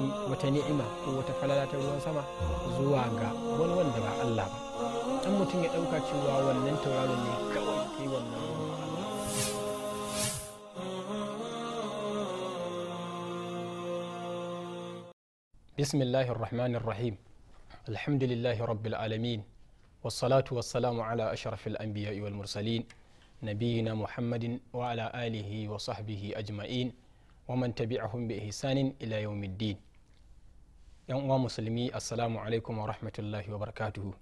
faɗi wata ni'ima ko wata falala ta ruwan sama zuwa ga wani wanda ba Allah ba dan mutum ya ɗauka cewa wannan tauraron ne kawai ke wannan bismillahir rahmanir rahim alhamdulillahi rabbil alamin wassalatu wassalamu ala ashrafil anbiya'i wal mursalin nabiyina muhammadin wa ala alihi wa sahbihi ajma'in ومن تبعهم بإحسان إلى يوم الدين yan uwa musulmi assalamu alaikum wa rahmatullahi wa barakatuhu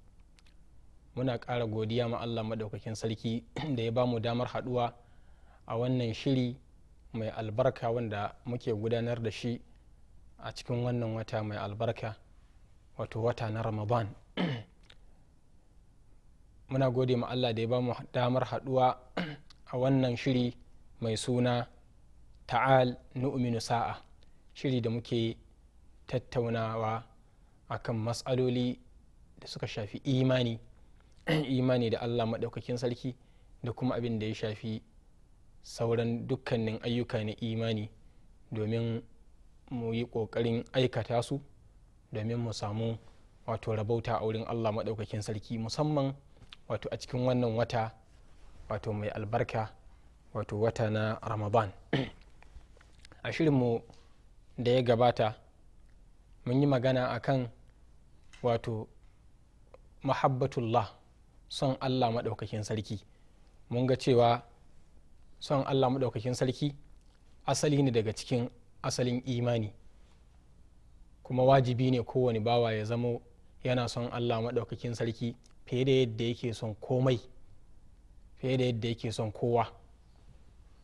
muna ƙara godiya ma allah maɗaukakin sarki da ya bamu damar haɗuwa a wannan shiri mai albarka wanda muke gudanar da shi a cikin wannan wata mai albarka wato wata na ramadan muna gode ma allah da ya bamu damar haɗuwa a wannan shiri mai suna ta'al nu'minu sa'a shiri da muke tattaunawa a kan matsaloli da suka shafi imani imani da allah maɗaukakin sarki da kuma abin da ya shafi sauran dukkanin ayyuka na imani domin mu yi ƙoƙarin aikata su domin mu samu wato rabauta a wurin allah maɗaukakin sarki musamman wato a cikin wannan wata wato mai albarka wato wata na ramadan a shirinmu da ya gabata mun yi magana a kan wato mahabbatullah son allah maɗaukakin sarki mun ga cewa son allah maɗaukakin sarki asali ne daga cikin asalin imani kuma wajibi ne kowane bawa ya zamo yana son allah maɗaukakin sarki fiye da yadda yake son komai fiye da yadda yake son kowa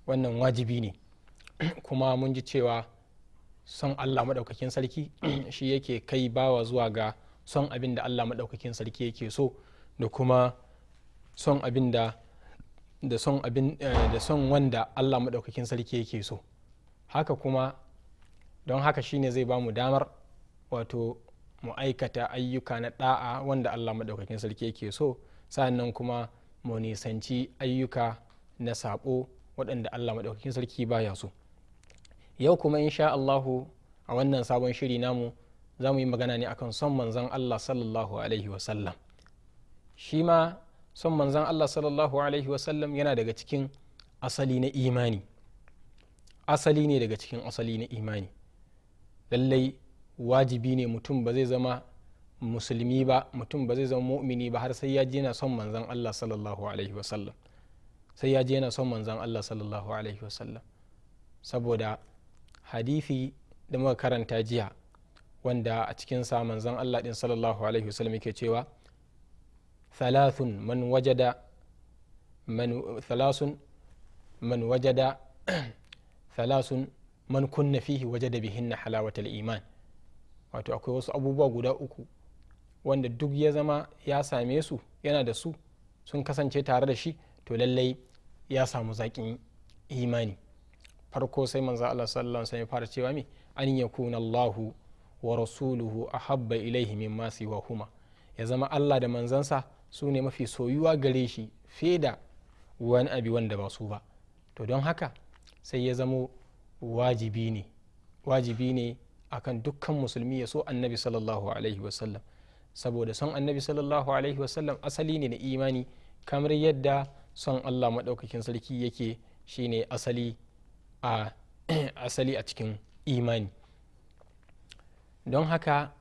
wannan wajibi ne kuma mun ji cewa son allah maɗaukakin sarki shi yake kai bawa zuwa ga son abin da allah maɗaukakin sarki yake so da kuma son abin da da son abin eh, da son wanda allah maɗaukakin sarki yake so haka kuma don haka shine zai ba mu damar wato mu aikata ayyuka na ɗa'a wanda allah maɗaukakin sarki yake so Sannan kuma mu nisanci ayyuka na saɓo waɗanda allah maɗaukakin sarki baya so yau kuma in sha Allahu a wannan sabon shiri namu za mu yi magana ne akan son manzan Allah sallallahu alaihi wasallam shi ma son manzan Allah sallallahu alaihi wasallam yana daga cikin asali na imani asali ne daga cikin asali na imani lallai wajibi ne mutum ba zai zama musulmi ba mutum ba zai zama mu'mini ba har sai ya je na son manzan Allah sallallahu alaihi wasallam sai ya je na son manzan Allah sallallahu alaihi wasallam saboda hadithi da muka karanta jiya wanda a cikin sa manzon Allah din sallallahu alaihi wasallam yake cewa thalathun man wajada man thalathun man wajada thalathun man kunna fihi wajada bihinna halawatal iman wato akwai wasu abubuwa guda uku wanda duk ya zama ya same su yana da su sun kasance tare da shi to lallai ya samu zaƙin imani farko sai manzo Allah sallallahu alaihi wasallam fara cewa me an yakuna Allahu wa rasuluhu ahabba ilaihi mimma siwahuma ya zama Allah da manzansa su ne mafi soyuwa gare shi feda wani abi wanda ba su ba to don haka sai ya zamo wajibi ne wajibi ne akan dukkan musulmi ya so annabi sallallahu alaihi wasallam saboda son annabi sallallahu alaihi wasallam asali ne na imani kamar yadda son allah maɗaukakin sarki yake shine asali a asali a cikin imani don haka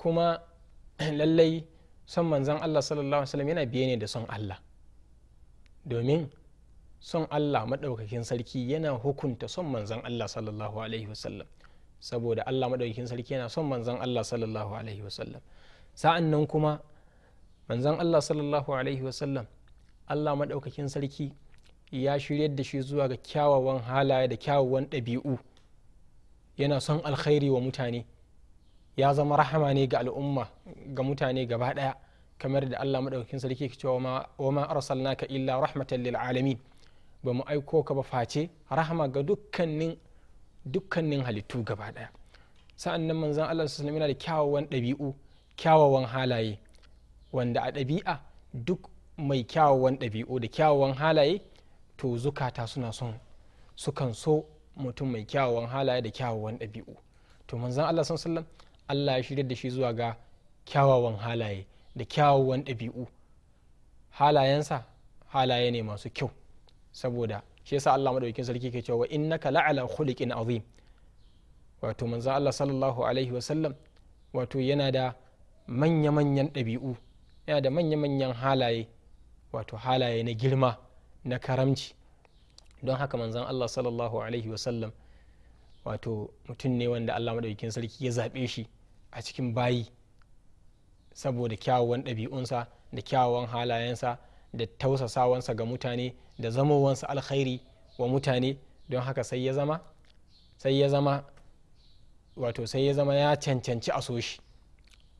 kuma lallai son manzan allah sallallahu Alaihi yana biye ne da son allah domin son allah maɗaukakin sarki yana hukunta son manzan allah sallallahu alaihi wasallam saboda allah maɗaukakin sarki yana son manzan allah sallallahu alaihi wasallam sa'an nan kuma manzan allah sallallahu alaihi wasallam allah maɗaukakin sarki ya shiryar da shi zuwa ga kyawawan halaye da kyawawan ɗabi'u yana son alkhairi wa mutane ya zama rahama ne ga al'umma ga mutane gaba ɗaya kamar da Allah maɗaukakin sarki ke cewa wa ma arsalnaka illa rahmatan lil alamin ba mu aiko ka ba face rahama ga dukkanin halittu gaba ɗaya sa'an nan manzon Allah su yana da kyawawan ɗabi'u kyawawan halaye wanda a ɗabi'a duk mai kyawawan ɗabi'u da kyawawan halaye to zukata suna son sukan so mutum mai kyawawan halaye da kyawawan ɗabi'u to manzan allah san sallam allah ya shirya da shi zuwa ga kyawawan halaye da kyawawan ɗabi'u halayensa halaye ne masu kyau saboda shi yasa allah maɗaukin sarki ke cewa innaka la'ala khuliqin azim wato manzan allah sallallahu alaihi wasallam wato yana da manya-manyan ɗabi'u yana da manya-manyan halaye wato halaye na girma na karamci don haka manzan allah sallallahu alaihi wasallam wato mutum ne wanda allah maɗaukin sarki ya zaɓe shi a cikin bayi saboda kyawawan ɗabi'unsa da kyawawan halayensa da tausasawansa ga mutane da zamowansa alkhairi wa mutane don haka sai ya zama sai ya zama wato sai ya zama ya cancanci a so shi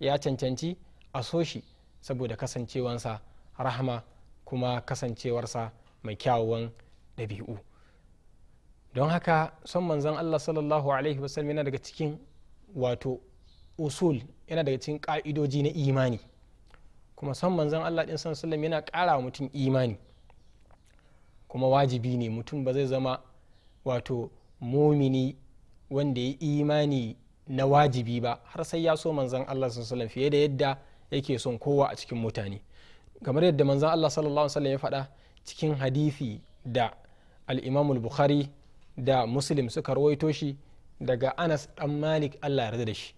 ya cancanci a so shi saboda kasancewansa rahama kuma kasancewarsa mai kyawawan ɗabi'u don haka son manzon allah sallallahu alaihi wasallam yana daga cikin wato usul yana daga cikin ƙa'idoji na imani kuma son manzon allah ɗin san sallam yana ƙara mutum imani kuma wajibi ne mutum ba zai zama wato mumini wanda ya imani na wajibi ba har sai ya so manzan Allah sallallahu fiye da yadda yake son kowa a cikin mutane kamar yadda manzan Allah sallallahu alaihi ya faɗa cikin hadisi da al'imamul bukhari da muslim suka rawaito shi daga anas dan malik allah yarda da shi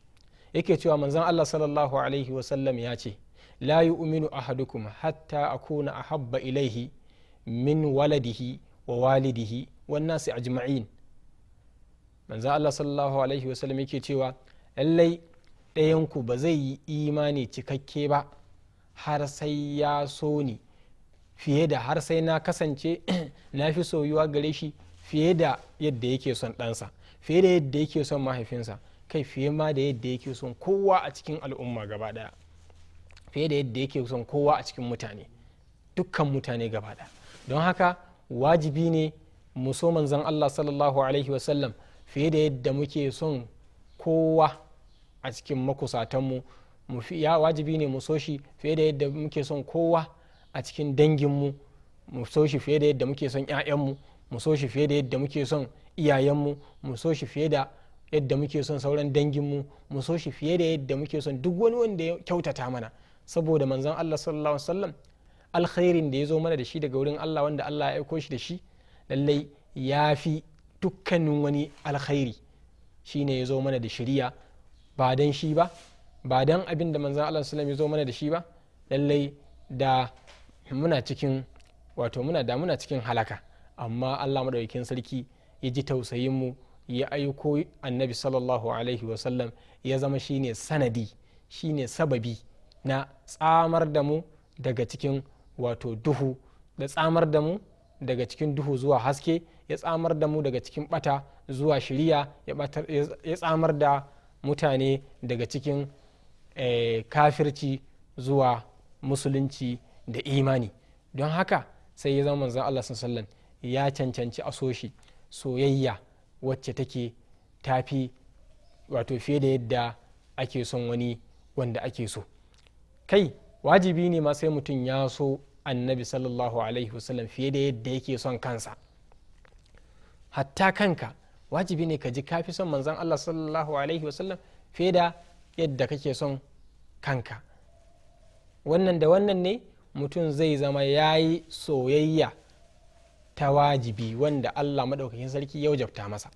yake cewa manzan allah sallallahu alaihi wasallam ya ce la yu'minu ahadukum hatta akuna ahabba ilaihi min waladihi wa walidihi wan nasi ajma'in manzan allah sallallahu alaihi wasallam yake cewa lallai ɗayanku ba zai yi imani cikakke ba har sai ya so ni fiye da har sai na kasance na fi soyuwa gare shi fiye da yadda yake son ɗansa fiye da yadda yake son mahaifinsa kai fiye ma da yadda yake son kowa a cikin al'umma gaba ɗaya fiye da yadda yake son kowa a cikin mutane dukkan mutane gaba ɗaya don haka wajibi ne mu so manzon Allah sallallahu alaihi wasallam fiye da yadda muke son kowa a cikin makusatanmu ya wajibi ne mu so shi fiye da yadda muke son kowa a cikin danginmu mu so shi fiye da yadda muke son 'ya'yanmu mu so shi fiye da yadda muke son iyayenmu mu so shi fiye da yadda muke son sauran danginmu mu so shi fiye da yadda muke son duk wani wanda ya kyautata mana saboda manzon Allah sallallahu alaihi wasallam alkhairin da ya zo mana da shi daga wurin Allah wanda Allah ya aiko shi da shi lallai ya fi dukkanin wani alkhairi shine ya zo mana da shiriya ba dan shi ba ba dan abin da manzon Allah sallallahu alaihi wasallam ya zo mana da shi ba lallai da muna cikin wato muna da muna cikin halaka amma allah maɗaukin sarki ya ji tausayin mu ya aiko annabi sallallahu alaihi wasallam ya zama shine sanadi shine sababi na tsamar da mu daga cikin wato duhu da tsamar da mu daga cikin duhu zuwa haske ya tsamar da mu daga cikin bata zuwa shiriya ya tsamar da mutane daga cikin eh, kafirci zuwa musulunci da imani don haka sai ya zama manzon Allah sallallahu ya cancanci a soshi soyayya wacce take tafi wato fiye da yadda ake son wani wanda ake so kai wajibi ne ma sai mutum ya so annabi sallallahu alaihi wasallam fiye da yadda yake son kansa hatta kanka wajibi ne ka ji kafi son manzan Allah sallallahu alaihi wasallam fiye da yadda kake son kanka wannan da wannan ne mutum zai zama ya yi soyayya ta wajibi wanda allah maɗaukakin sarki ya wajabta masa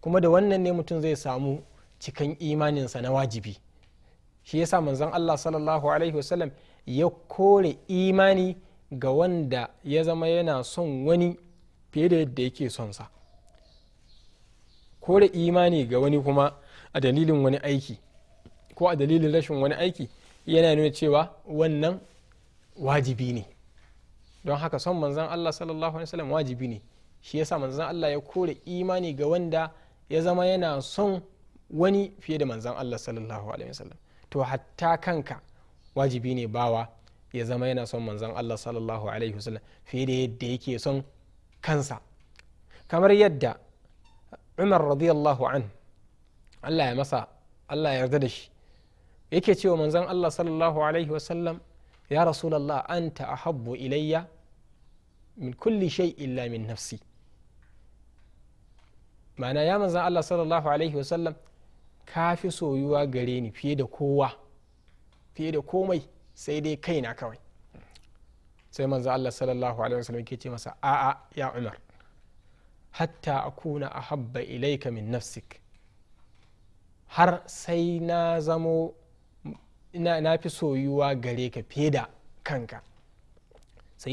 kuma da wannan ne mutum zai samu cikan imaninsa na wajibi shi ya sa manzon allah sallallahu alaihi wasallam ya kore imani ga wanda ya zama yana son wani fiye da yadda yake son sa kore imani ga wani kuma a dalilin wani aiki ko a dalilin rashin wani aiki yana nuna cewa wannan wajibi ne don haka son manzan Allah sallallahu alaihi wasallam wajibi ne shi yasa manzan Allah ya kore imani ga wanda ya zama yana son wani fiye da manzan Allah sallallahu alaihi wasallam to hatta kanka wajibi ne bawa ya zama yana son manzan Allah sallallahu alaihi wasallam fiye da yadda yake son kansa kamar yadda Umar radiyallahu an Allah ya masa Allah ya yarda da shi yake cewa manzan Allah sallallahu alaihi wasallam ya rasulallah anta ahabbu ilayya min kulli illa min nafsi ma'ana ya manzan Allah sallallahu alaihi ka fi soyuwa gare ni fiye da kowa fiye da komai sai dai na kawai sai manzan Allah sallallahu alaihi wasallam ke ce masa a'a ya umar hatta akuna ahabba ilaika min nafsik har sai na zamo Ina na fi soyuwa gare ka fiye da kanka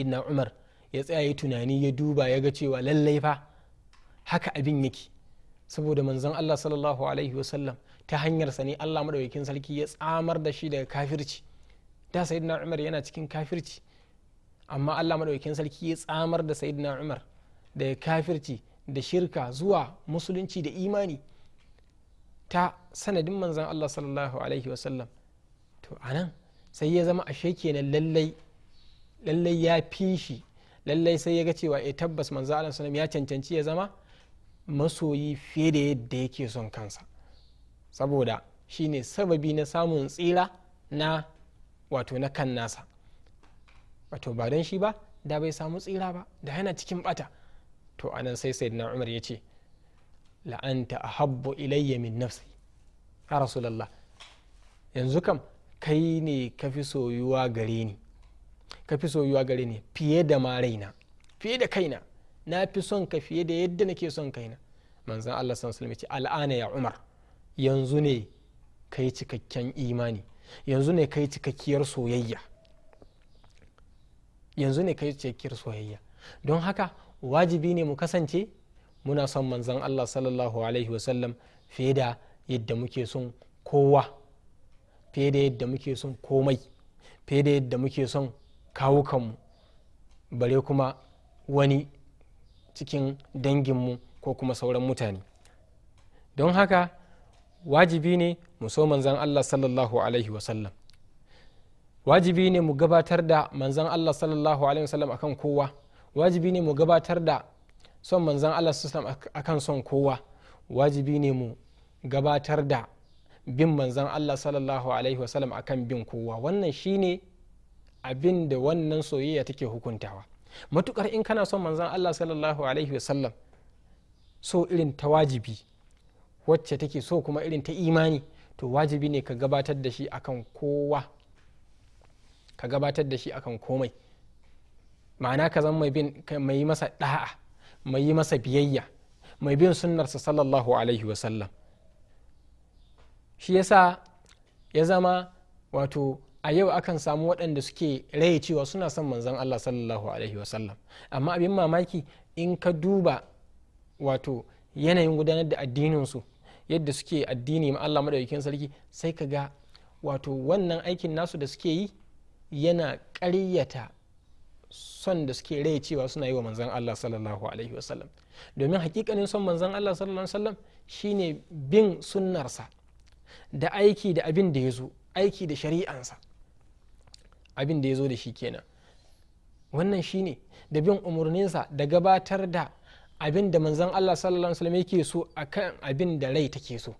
na umar ya tsaya ya tunani ya duba ya ga cewa lallai fa haka abin yake saboda manzon Allah sallallahu alaihi wasallam ta hanyarsa ne Allah madaukakin sarki ya tsamar da shi daga kafirci da sayyidina umar yana cikin kafirci amma Allah madaukakin sarki ya tsamar da sayyidina umar daga kafirci da shirka zuwa musulunci da imani ta sanadin manzon Allah sallallahu alaihi wasallam to anan sai ya zama ashe kenan lallai lallai ya fi shi lallai sai ya ga cewa e tabbas manzo Allah ya cancanci ya zama masoyi fiye da yadda yake son kansa saboda shine sababi na samun tsira na wato na kan nasa wato ba don shi ba da bai samu tsira ba da yana cikin bata to anan sai sayyidina Umar ya ce la'anta ahabbu ilayya min nafsi ya rasulullah yanzu kam kai ne ka fi soyuwa gare ni ka fi soyuwa gare ni fiye da ma raina fiye da kaina na fi son ka fiye da yadda nake son kaina manzan Allah san sulmi ce al'ana ya umar yanzu ne kai cikakken imani yanzu ne kai cikakkiyar soyayya yanzu ne yi cikakkiyar soyayya don haka wajibi ne mu kasance muna son manzan Allah sallallahu alaihi wasallam fiye da yadda muke son kowa fiye da yadda muke son komai fiye da yadda muke son kawukanmu bare kuma wani cikin danginmu ko kuma sauran mutane don haka wajibi ne mu so manzan allah sallallahu alaihi wasallam wajibi ne mu gabatar da manzan allah sallallahu alaihi wasallam akan kowa wajibi ne mu gabatar da son manzan allah sallallahu alaihi wasallam akan son kowa wajibi ne mu gabatar da bin manzan Allah sallallahu alaihi wasallam akan bin kowa wannan shine abin da wannan soyayya take hukuntawa matukar in kana son manzan Allah sallallahu alaihi wasallam so irin ta wajibi wacce take so kuma irin ta imani to wajibi ne ka gabatar da shi akan kowa ka gabatar da shi akan komai ma'ana ka zama mai masa da'a mai masa biyayya mai bin sunnarsa sallallahu alaihi wasallam shi yasa ya zama wato a yau akan samu waɗanda suke raye cewa suna son manzan Allah sallallahu alaihi wasallam amma abin mamaki in ka duba wato yanayin gudanar da addininsu yadda suke addini ma Allah madaukakin sarki sai ka ga wato wannan aikin nasu da suke yi yana ƙaryata son da suke rai cewa suna yi wa manzan Allah sallallahu alaihi wasallam domin hakikanin son manzan Allah sallallahu alaihi wasallam shine bin sunnarsa da aiki da abin da ya zo aiki da shari'ansa abin da ya zo da shi kenan wannan shi ne da bin umarninsa da gabatar da abin da manzan allah sallallahu alaihi wasallam yake so akan abin da rai take so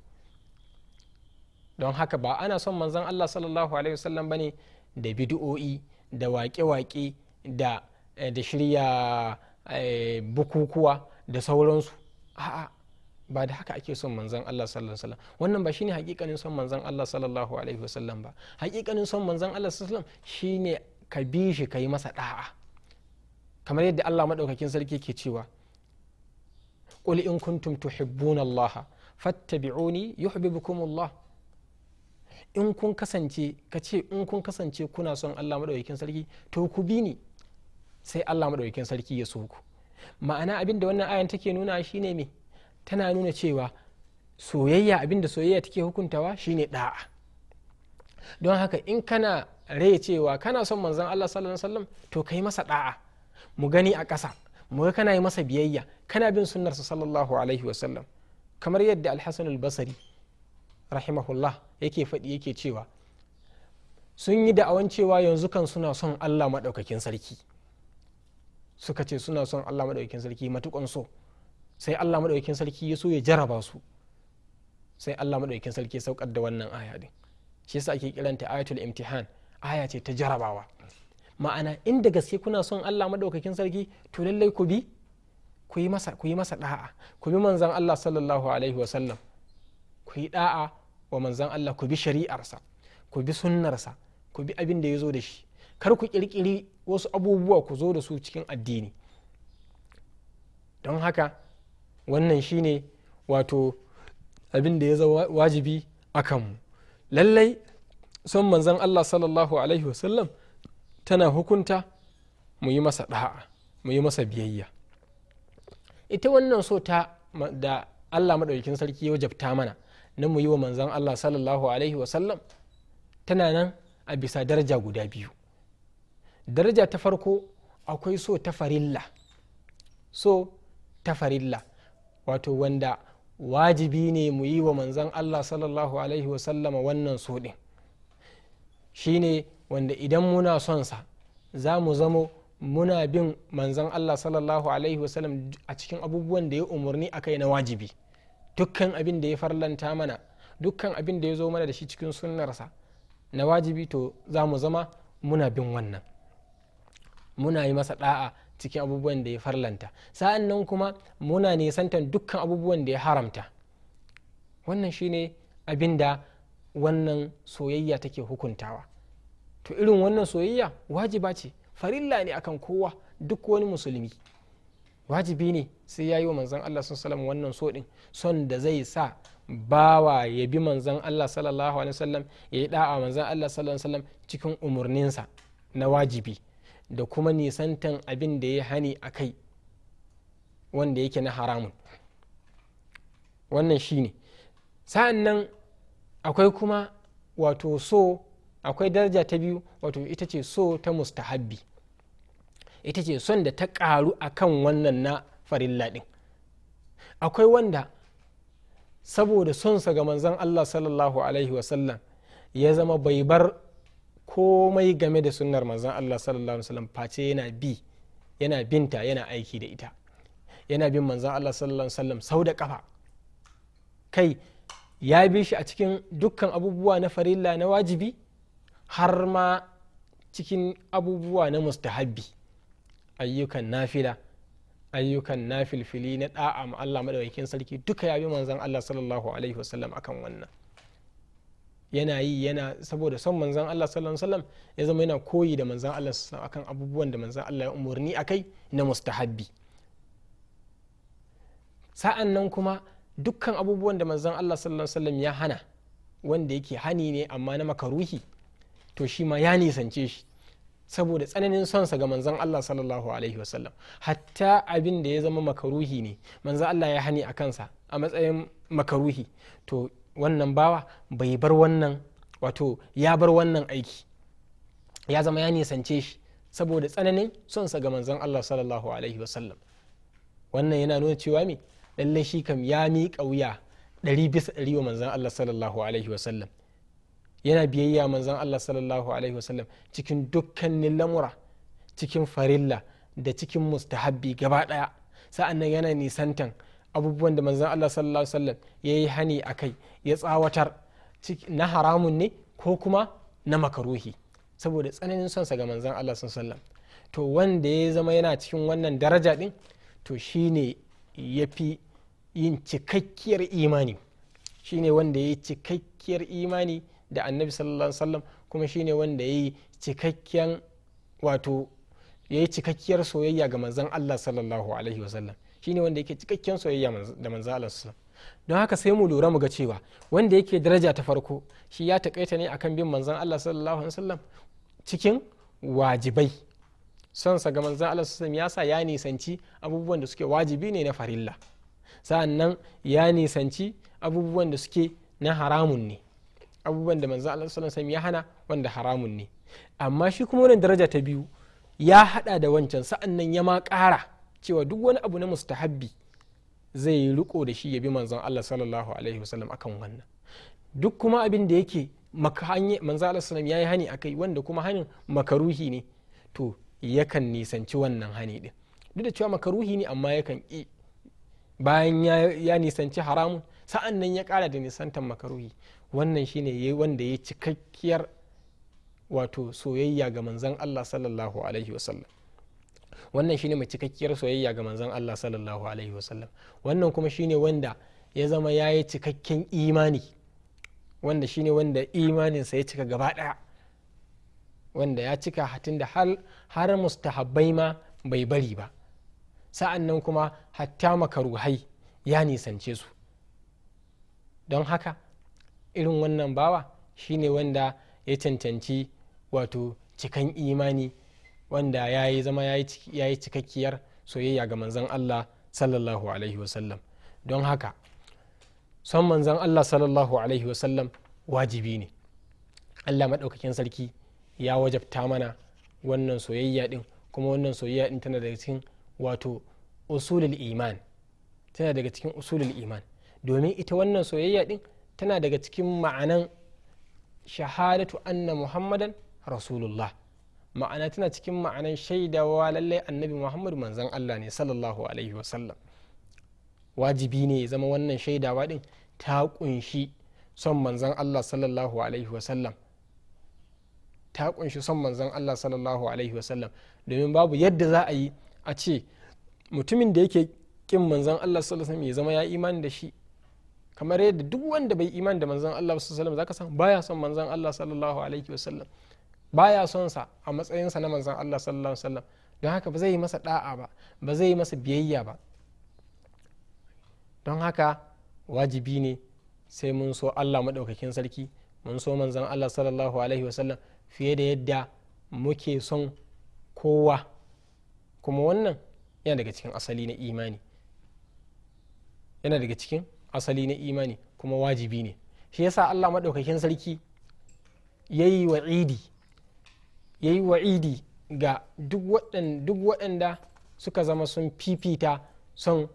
don haka ba ana son manzan allah sallallahu alaihi wasallam ne da bidi'o'i da waƙe-waƙe da eh, shirya eh, bukukuwa da sauransu a'a ba da haka ake son manzon Allah sallallahu alaihi wasallam wannan ba shine hakikanin son manzon Allah sallallahu alaihi wasallam ba hakikanin son manzon Allah sallallahu alaihi wasallam shine ka bi shi kai masa da'a kamar yadda Allah madaukakin sarki ke cewa qul in kuntum tuhibbuna Allah fattabi'uni yuhibbukum Allah in kun kasance ka ce in kun kasance kuna son Allah madaukakin sarki to ku bi ni sai Allah madaukakin sarki ya so ku ma'ana abin da wannan ayan take nuna shine me tana nuna cewa soyayya abinda soyayya take hukuntawa shine da'a don haka in kana rai cewa kana son manzon Allah sallallahu alaihi wasallam to kai masa da'a mu gani a ƙasa mu ga kana yi masa biyayya kana bin sunnarsa sallallahu alaihi wasallam kamar yadda al-Hasan al-Basri rahimahullah yake faɗi yake cewa sun yi da'awan cewa yanzu kan suna son Allah madaukakin sarki suka ce suna son Allah madaukakin sarki matukan so sai Allah maɗaukin sarki ya so ya jaraba su sai Allah maɗaukin sarki ya saukar da wannan aya din shi yasa ake kiranta ayatul imtihan aya ce ta jarabawa ma'ana in inda gaske kuna son Allah maɗaukakin sarki to lallai ku bi ku yi masa ku yi masa da'a ku bi manzon Allah sallallahu alaihi wa sallam ku yi da'a wa manzon Allah ku bi shari'arsa ku bi sunnarsa ku bi abin da ya zo da shi kar ku kirkiri wasu abubuwa ku zo da su cikin addini don haka wannan shine wato abin da ya zama wajibi a kanmu lallai son manzan allah sallallahu alaihi wasallam tana hukunta mu yi masa ɗa'a mu yi masa biyayya ita wannan so ta da allah maɗaukin sarki ya wajabta mana na mu yi wa manzan allah sallallahu alaihi wasallam tana nan a bisa daraja guda biyu daraja ta farko akwai so ta farilla so ta farilla wato wanda wajibi ne mu yi wa manzan allah sallallahu alaihi wasallama wannan so ɗin ne wanda idan muna son sa za mu zamo muna bin manzan allah sallallahu alaihi wasallam a cikin abubuwan da ya umarni a kai na wajibi dukkan abin da ya farlanta mana dukkan abin da ya zo mana da shi cikin sunnarsa na wajibi to za mu zama muna bin wannan muna yi masa da'a cikin abubuwan da ya farlanta sa'an nan kuma muna santan dukkan abubuwan da ya haramta wannan shine abin da wannan soyayya take hukuntawa to irin wannan soyayya wajiba ce farilla ne akan kowa duk wani musulmi wajibi ne sai ya yi wa manzan allah sallallahu sallam wannan so din son da zai sa bawa ya bi manzan allah sallallahu alaihi wasallam ya yi da'a manzan allah sallallahu alaihi wasallam cikin umurninsa na wajibi da kuma nisantan abin da ya hani a kai wanda yake na haramun wannan shi ne sa'an akwai kuma wato so akwai daraja ta biyu wato ita ce so ta mustahabbi ita ce son da ta karu a kan wannan na farilla ɗin akwai wanda saboda sonsa ga manzan allah sallallahu alaihi wasallam ya zama bai bar komai game da sunnar manzon Allah sallallahu alaihi wasallam face yana bi yana binta yana aiki da ita yana bin manzon Allah sallallahu alaihi wasallam sau da kafa kai ya bi shi a cikin dukkan abubuwa na farilla na wajibi har ma cikin abubuwa na mustahabbi ayyukan nafila ayyukan nafilfili na da'a ma Allah madaukakin sarki duka ya bi manzon Allah sallallahu alaihi wasallam akan wannan yana yi yana saboda son manzan Allah sallallahu alaihi wasallam ya zama yana koyi da manzan Allah akan abubuwan da manzan Allah ya umarni akai na mustahabbi sa'an nan kuma dukkan abubuwan da manzan Allah sallallahu alaihi wasallam ya hana wanda yake hani ne amma na makaruhi to shi ma ya nisance shi saboda tsananin sonsa ga manzan Allah sallallahu alaihi wasallam hatta abin da ya zama makaruhi ne manzan Allah ya hani a kansa a matsayin makaruhi to wannan bawa bai bar wannan wato ya bar wannan aiki ya zama ya nisance shi saboda tsananin son sa ga manzon Allah sallallahu alaihi wasallam wannan yana nuna cewa me lalle shi kam ya miƙa wuya ɗari bisa ɗari wa manzon Allah sallallahu alaihi wasallam yana biyayya manzon Allah sallallahu alaihi wasallam cikin dukkanin lamura cikin farilla da cikin mustahabbi gaba ɗaya sa'an nan yana nisantan abubuwan da manzan Allah sallallahu alaihi wasallam ya yi hani a kai ya tsawatar na haramun ne ko kuma na makaruhi saboda tsananin son sa ga manzan Allah sallallahu alaihi wasallam to wanda ya zama yana cikin wannan daraja din to shine ya fi yin cikakkiyar imani shine wanda ya yi cikakkiyar imani da annabi sallallahu alaihi wasallam kuma shine wanda ya yi cikakkiyar wato ya yi cikakkiyar soyayya ga manzan Allah sallallahu alaihi wasallam shine wanda yake cikakken soyayya da manzo Allah don haka sai mu lura mu ga cewa wanda yake daraja ta farko shi ya takaita ne akan bin manzan Allah sallallahu alaihi wasallam cikin wajibai son sa ga manzan Allah sallallahu ya sa ya nisanci abubuwan da suke wajibi ne na farilla sa'annan ya nisanci abubuwan da suke na haramun ne abubuwan da manzan Allah sallallahu alaihi ya hana wanda haramun ne amma shi kuma wannan daraja ta biyu ya hada da wancan sa'annan ya ma kara cewa duk wani abu na mustahabbi zai yi riko da shi ya bi manzon Allah sallallahu alaihi wasallam akan wannan duk kuma abin da yake manzon Allah sallam yayi hani akai wanda kuma hanin makaruhi ne to yakan nisanci wannan hani din duk da cewa makaruhi ne amma yakan ki bayan ya nisanci haramun sa'an nan ya kara da nisantan makaruhi wannan shine wanda ya cikakkiyar wato soyayya ga manzon Allah sallallahu alaihi wasallam wannan shine mai cikakkiyar soyayya ga manzon Allah sallallahu alaihi wasallam wannan kuma shine wanda ya zama ya yi cikakken imani wanda shine wanda imaninsa ya cika gaba daya wanda ya cika hatin da har mustahabbai ma bai bari ba Sa'annan kuma hatta makaruhai ya nisance su don haka irin wannan bawa shine wanda ya cancanci wato cikan imani wanda ya yi zama ya yi cikakkiyar soyayya ga manzan allah sallallahu alaihi wasallam don haka son manzan allah sallallahu alaihi wasallam wajibi ne allah maɗaukakin sarki ya wajabta mana wannan soyayya ɗin kuma wannan soyayya ɗin tana daga cikin wato usulul iman tana daga cikin usulul iman domin ita wannan soyayya ɗin tana daga cikin ma'anan shahadatu anna muhammadan rasulullah ma'ana tana cikin ma'anan shaidawa lallai annabi muhammadu manzan allah ne sallallahu alaihi wasallam wajibi ne ya zama wannan shaidawa din ta kunshi son manzan allah sallallahu alaihi wasallam ta kunshi son manzan allah sallallahu alaihi wasallam domin babu yadda za a yi a ce mutumin da yake kin manzan allah sallallahu alaihi wasallam ya zama ya imani da shi kamar yadda duk wanda bai imani da manzan allah sallallahu alaihi wasallam zaka san baya son manzan allah sallallahu alaihi wasallam baya son sa a matsayin sa na manzon Allah sallallahu alaihi wasallam don haka ba zai yi masa da'a ba ba zai yi masa biyayya ba don haka wajibi ne sai mun so Allah maɗaukakin sarki mun so manzon Allah sallallahu alaihi wasallam fiye da yadda muke son kowa kuma wannan yana daga cikin asali na imani yana daga cikin asali na imani kuma wajibi ne shi yasa Allah maɗaukakin sarki yayi wa'idi wa ya yi wa'idi ga duk waɗanda suka zama sun fifita son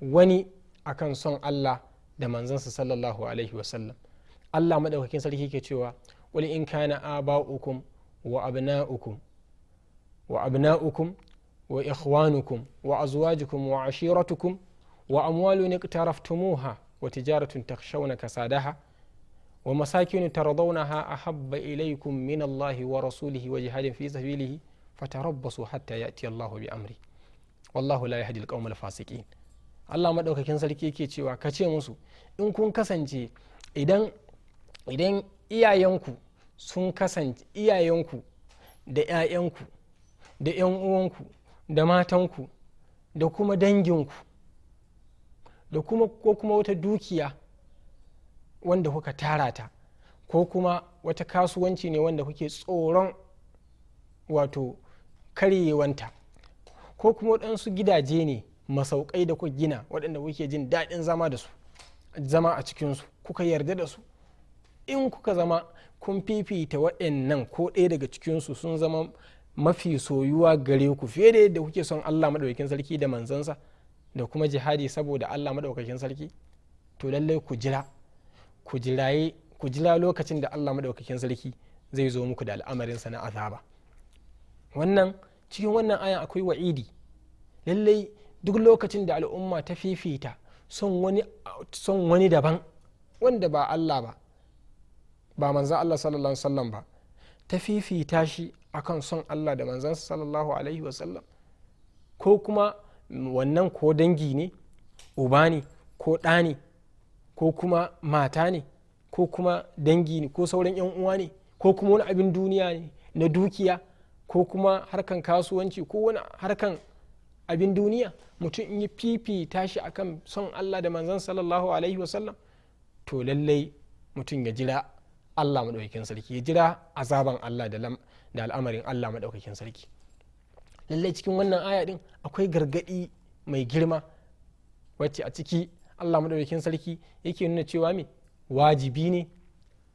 wani akan son Allah da manzansa sallallahu alaihi wasallam Allah maɗaukakin sarki ke cewa wani in kana aba'ukum wa abna'ukum wa abna'ukum wa ikhwanukum wa azwajukum wa ashiratukum wa amwalun iqtaraftumuha wa tijaratun takhshawna kasadaha wa ha a ahabba ilaikun min Allahi wa rasulihi wa jihadin fi sabilihi fatarabbasu hatta ya'ti Allahu bi amri wallahu la yahdi al fasiqin Allah madaukakin sarki yake cewa ka ce musu in kun kasance idan idan iyayenku sun kasance iyayenku da 'ya'yanku da 'yan uwanku da matanku da kuma danginku da kuma ko kuma wata dukiya wanda kuka tara ta ko kuma wata kasuwanci ne wanda kuke tsoron wato karyewanta ko kuma waɗansu gidaje ne masaukai da kuka gina waɗanda kuke jin daɗin zama da su zama a cikinsu kuka yarda da su in kuka zama kun fifita waɗannan ko ɗaya daga cikinsu sun zama mafi soyuwa gare ku fiye da yadda kuke son allah maɗaukakin sarki da manzansa da kuma jihadi saboda allah maɗaukakin sarki to lallai ku jira ku jiraye ku jira lokacin da Allah madaukakin sarki zai zo muku da al'amarin sa na azaba wannan cikin wannan aya akwai wa'idi lallai duk lokacin da al'umma ta fifita son wani son wani daban wanda ba Allah ba ba manzo Allah sallallahu alaihi wasallam ba ta fifita shi akan son Allah da manzon sallallahu alaihi wasallam ko kuma wannan ko dangi ne uba ne ko ɗa ne ko kuma mata ne ko kuma dangi ne ko sauran 'yan uwa ne ko kuma wani abin duniya ne na dukiya ko kuma harkan kasuwanci ko wani harkan abin duniya mutum in yi fifi tashi akan son allah da manzan sallallahu alaihi wasallam to lallai mutum ya jira allah maɗaukakin sarki ya jira azaban allah da al'amarin allah maɗaukakin sarki lallai cikin wannan aya din akwai gargaɗi mai girma wacce a ciki allah madaukakin sarki yake nuna cewa me wajibi ne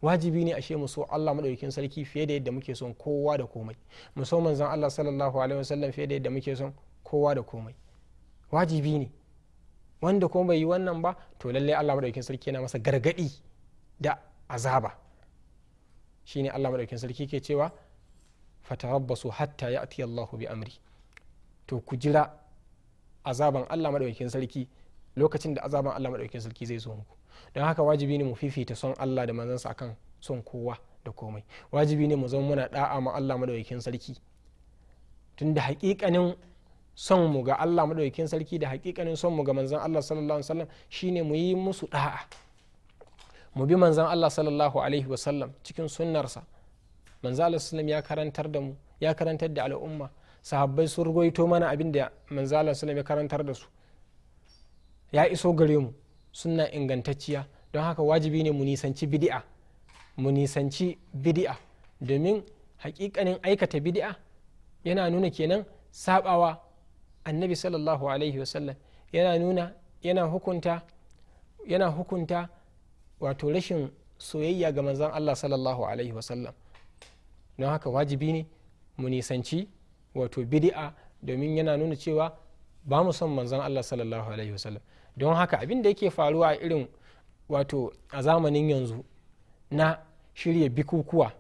wajibi ne ashe mu so Allah madaukakin sarki fiye da yadda muke son kowa da komai mu so manzon Allah sallallahu alaihi wasallam fiye da yadda muke son kowa da komai wajibi ne wanda kuma bai yi wannan ba to lalle Allah madaukakin sarki yana masa gargadi da azaba shine Allah madaukakin sarki ke cewa fatarabbasu hatta ya'ti Allahu bi amri to ku jira azaban Allah madaukakin sarki lokacin da azaban Allah madaukakin sarki zai zo muku don haka wajibi ne mu fifita son Allah da manzansa akan son kowa da komai wajibi ne mu zama muna da'a ma Allah madaukakin sarki da hakikanin son mu ga Allah madaukakin sarki da hakikanin son mu ga manzan Allah sallallahu alaihi wasallam shine mu yi musu da'a mu bi manzan Allah sallallahu alaihi wasallam cikin sunnarsa manzan Allah sallallahu ya karantar da mu ya karantar da al'umma sahabbai sun rugoito mana abin da manzan Allah sallallahu ya karantar da su ya iso gare mu suna ingantacciya don haka wajibi ne mu nisanci bidi'a mu nisanci bidi'a domin hakikanin aikata bidi'a yana nuna kenan sabawa annabi sallallahu alaihi wasallam yana nuna yana hukunta yana hukunta wato rashin soyayya ga manzon Allah sallallahu alaihi wasallam don haka wajibi ne mu nisanci wato bidi'a domin yana nuna cewa ba mu son manzon Allah sallallahu alaihi wasallam don haka abin da yake faruwa a irin wato a zamanin yanzu na shirya bikukuwa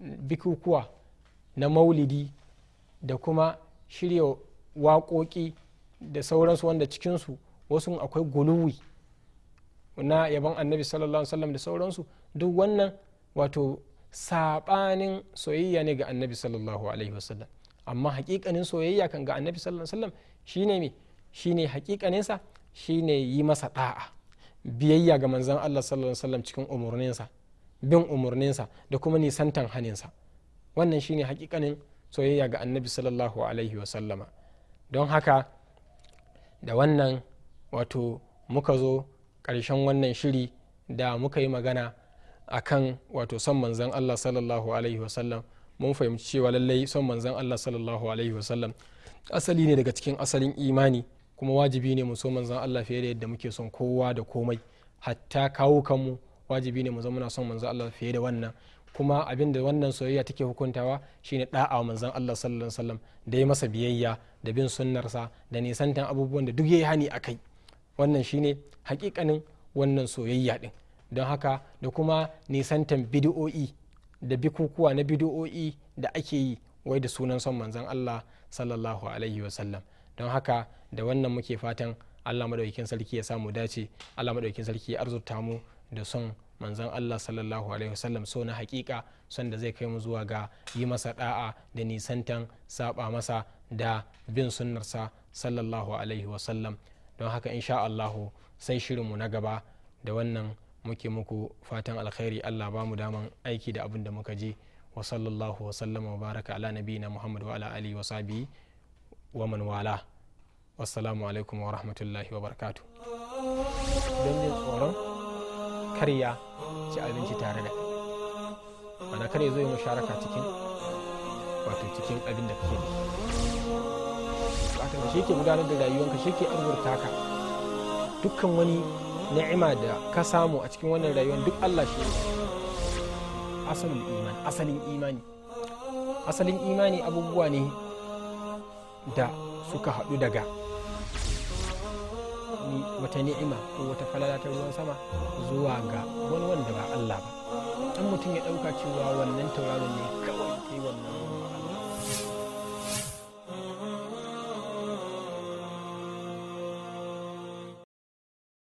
bikukuwa na maulidi da kuma shirya waƙoƙi da sauransu wanda cikinsu wasu akwai guluwi na yaban annabi sallallahu alaihi wasallam da sauransu duk wannan wato saɓanin soyayya ne ga annabi sallallahu alaihi wasallam amma hakikanin soyayya kan ga annabi sallallahu alaihi wasallam shine me shine hakikaninsa shine yi masa da'a biyayya ga manzon Allah sallallahu alaihi wasallam cikin umurninsa bin umurninsa da kuma nisantan haninsa wannan shine hakikanin soyayya ga annabi sallallahu alaihi wasallama don haka da wannan wato muka zo ƙarshen wannan shiri da muka yi magana akan wato son manzan allah sallallahu alaihi wasallam mun fahimci cewa lallai son manzan allah sallallahu alaihi wasallam asali ne daga cikin asalin imani kuma wajibi ne mu so manzon Allah fiye da yadda muke son kowa da komai hatta kawo kanmu wajibi ne mu zama muna son manzon Allah fiye da wannan kuma abin da wannan soyayya take hukuntawa shine da'a wa manzon Allah sallallahu alaihi wasallam da ya masa biyayya da bin sunnarsa da nisantan abubuwan da duk yayi hani akai wannan shine hakikanin wannan soyayya din don haka da kuma nisantan bid'o'i da bikukuwa na bid'o'i da ake yi wai da sunan son manzon Allah sallallahu alaihi wasallam don haka da wannan muke fatan allah madaukakin sarki ya samu dace allah madaukakin sarki ya arzuta mu da son manzon allah sallallahu alaihi wasallam so na hakika son da zai kai mu zuwa ga yi masa da'a da nisantan saba masa da bin sunnarsa sallallahu alaihi wasallam don haka insha allahu sai shirinmu na gaba da wannan muke muku fatan alkhairi allah ba mu daman aiki da abin da muka je wa sallallahu wa sallama wa baraka ala nabiyina muhammad wa ala alihi wa sahbihi wa man wala wassalamu alaikum wa rahmatullahi wa barakatu don jin tsoron karya ci abinci tare da kai ana kare zo yi musharaka cikin wato cikin abin da kake da shi ke gudanar da rayuwanka shi ke arzurta ka dukkan wani ni'ima da ka samu a cikin wannan rayuwar duk Allah shi asalin imani asalin imani asalin imani abubuwa ne da suka haɗu daga wata ni'ima ko wata falala ta ruwan sama zuwa ga wani wanda ba Allah ba dan mutum ya ɗauka cewa wannan tauraron ne kawai ke wannan